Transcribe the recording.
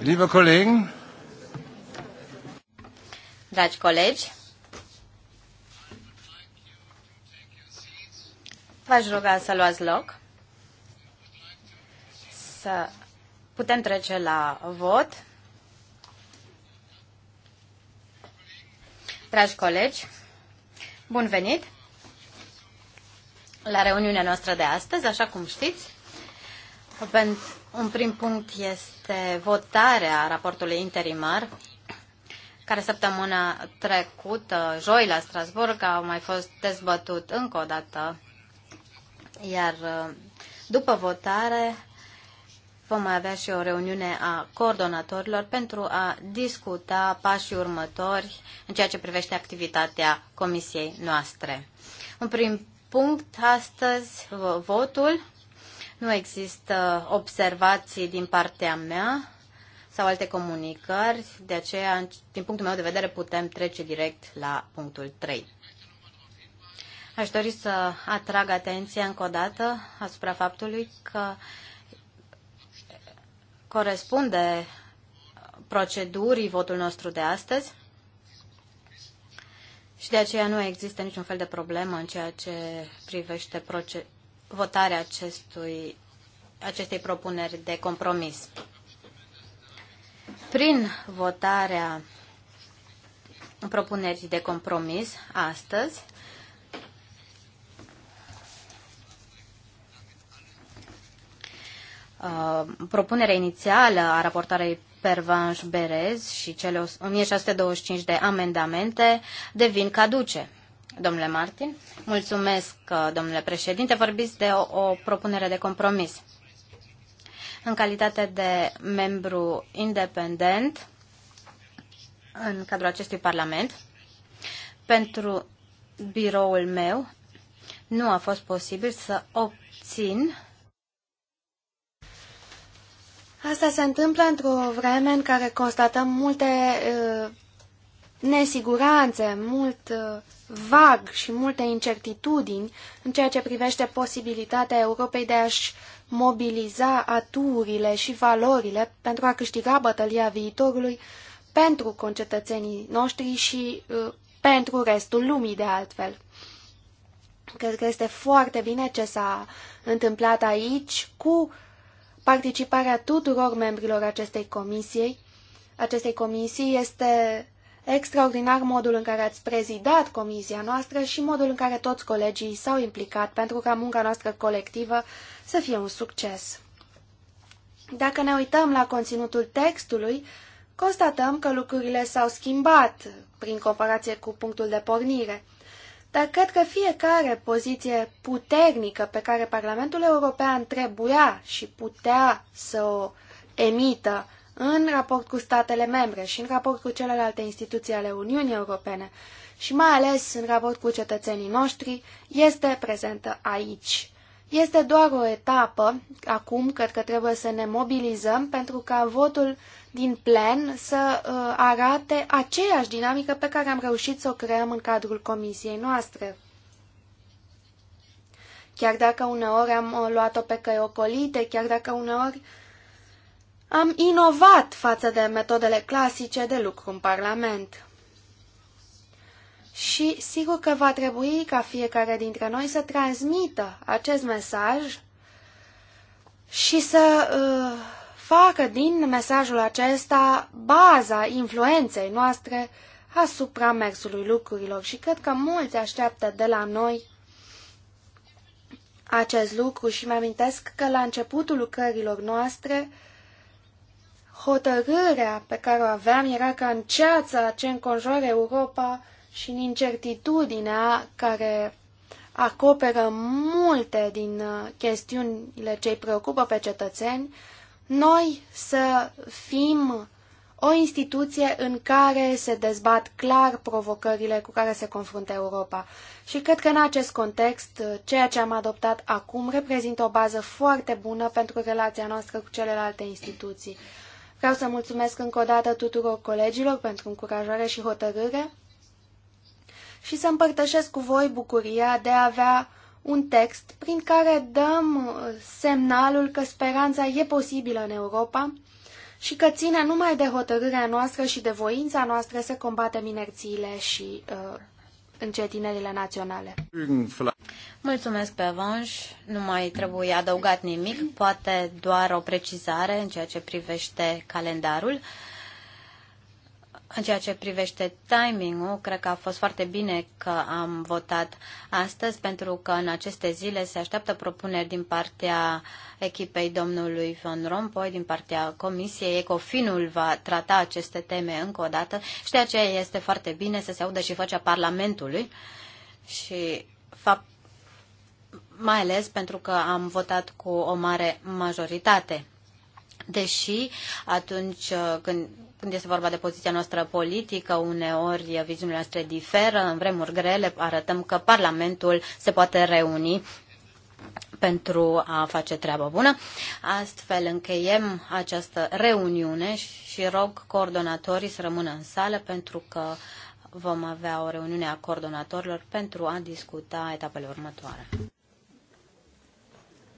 Liebe Kollegen, Dragi colegi, v-aș ruga să luați loc, să putem trece la vot. Dragi colegi, bun venit la reuniunea noastră de astăzi, așa cum știți. Un prim punct este votarea raportului interimar, care săptămâna trecută, joi la Strasburg, a mai fost dezbătut încă o dată. Iar uh, după votare vom mai avea și o reuniune a coordonatorilor pentru a discuta pașii următori în ceea ce privește activitatea comisiei noastre. Un prim punct astăzi, votul nu există observații din partea mea sau alte comunicări, de aceea, din punctul meu de vedere, putem trece direct la punctul 3. Aș dori să atrag atenția încă o dată asupra faptului că corespunde procedurii votul nostru de astăzi și de aceea nu există niciun fel de problemă în ceea ce privește procedura votarea acestui, acestei propuneri de compromis. Prin votarea propunerii de compromis astăzi, uh, propunerea inițială a raportarei Pervanș Berez și cele 1625 de amendamente devin caduce. Domnule Martin, mulțumesc, uh, domnule președinte. Vorbiți de o, o propunere de compromis. În calitate de membru independent în cadrul acestui Parlament, pentru biroul meu nu a fost posibil să obțin Asta se întâmplă într-o vreme în care constatăm multe uh, nesiguranțe, mult uh, vag și multe incertitudini în ceea ce privește posibilitatea Europei de a-și mobiliza aturile și valorile pentru a câștiga bătălia viitorului pentru concetățenii noștri și uh, pentru restul lumii de altfel. Cred că este foarte bine ce s-a întâmplat aici cu participarea tuturor membrilor acestei comisii. Acestei comisii este extraordinar modul în care ați prezidat comisia noastră și modul în care toți colegii s-au implicat pentru ca munca noastră colectivă să fie un succes. Dacă ne uităm la conținutul textului, constatăm că lucrurile s-au schimbat prin comparație cu punctul de pornire. Dar cred că fiecare poziție puternică pe care Parlamentul European trebuia și putea să o emită în raport cu statele membre și în raport cu celelalte instituții ale Uniunii Europene și mai ales în raport cu cetățenii noștri, este prezentă aici. Este doar o etapă, acum cred că trebuie să ne mobilizăm pentru ca votul din plen să uh, arate aceeași dinamică pe care am reușit să o creăm în cadrul comisiei noastre. Chiar dacă uneori am uh, luat-o pe căi ocolite, chiar dacă uneori am inovat față de metodele clasice de lucru în Parlament. Și sigur că va trebui ca fiecare dintre noi să transmită acest mesaj și să uh, facă din mesajul acesta baza influenței noastre asupra mersului lucrurilor. Și cred că mulți așteaptă de la noi acest lucru și mi-amintesc că la începutul lucrărilor noastre uh, hotărârea pe care o aveam era ca în ceața ce înconjoară Europa și în incertitudinea care acoperă multe din uh, chestiunile ce îi preocupă pe cetățeni, noi să fim o instituție în care se dezbat clar provocările cu care se confruntă Europa. Și cred că în acest context, uh, ceea ce am adoptat acum reprezintă o bază foarte bună pentru relația noastră cu celelalte instituții. Vreau să mulțumesc încă o dată tuturor colegilor pentru încurajare și hotărâre și să împărtășesc cu voi bucuria de a avea un text prin care dăm semnalul că speranța e posibilă în Europa și că ține numai de hotărârea noastră și de voința noastră să combatem inerțiile și uh, încetinerile naționale. Mulțumesc pe avanș, nu mai trebuie adăugat nimic, poate doar o precizare în ceea ce privește calendarul. În ceea ce privește timingul, cred că a fost foarte bine că am votat astăzi, pentru că în aceste zile se așteaptă propuneri din partea echipei domnului Von Rompuy, din partea Comisiei. Ecofinul va trata aceste teme încă o dată și de aceea este foarte bine să se audă și facea Parlamentului și faptul mai ales pentru că am votat cu o mare majoritate. Deși atunci uh, când când este vorba de poziția noastră politică, uneori viziunile noastre diferă, în vremuri grele arătăm că Parlamentul se poate reuni pentru a face treabă bună. Astfel încheiem această reuniune și rog coordonatorii să rămână în sală pentru că vom avea o reuniune a coordonatorilor pentru a discuta etapele următoare.